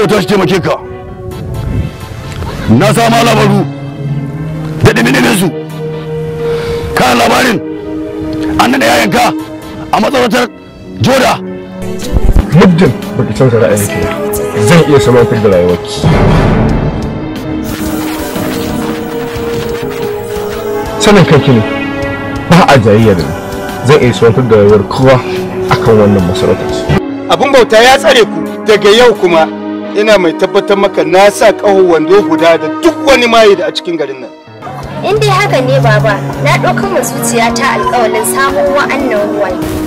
dole ta shi taimake ka na sama labaru da diminin su kan labarin an da yayanka a matsalar joda muddin baki canza ra'ayi ke zan iya samantar da rayuwarki sanin kanki ne ba a jayayya da zan iya samantar da rayuwar kowa akan wannan masarautar abun bauta ya tsare ku daga yau kuma ina mai tabbatar maka na sa ƙaho wando guda da duk wani maye da a cikin garin nan in dai haka ne baba na ɗaukar zuciya ta alƙawalin samun wa'annan ruwan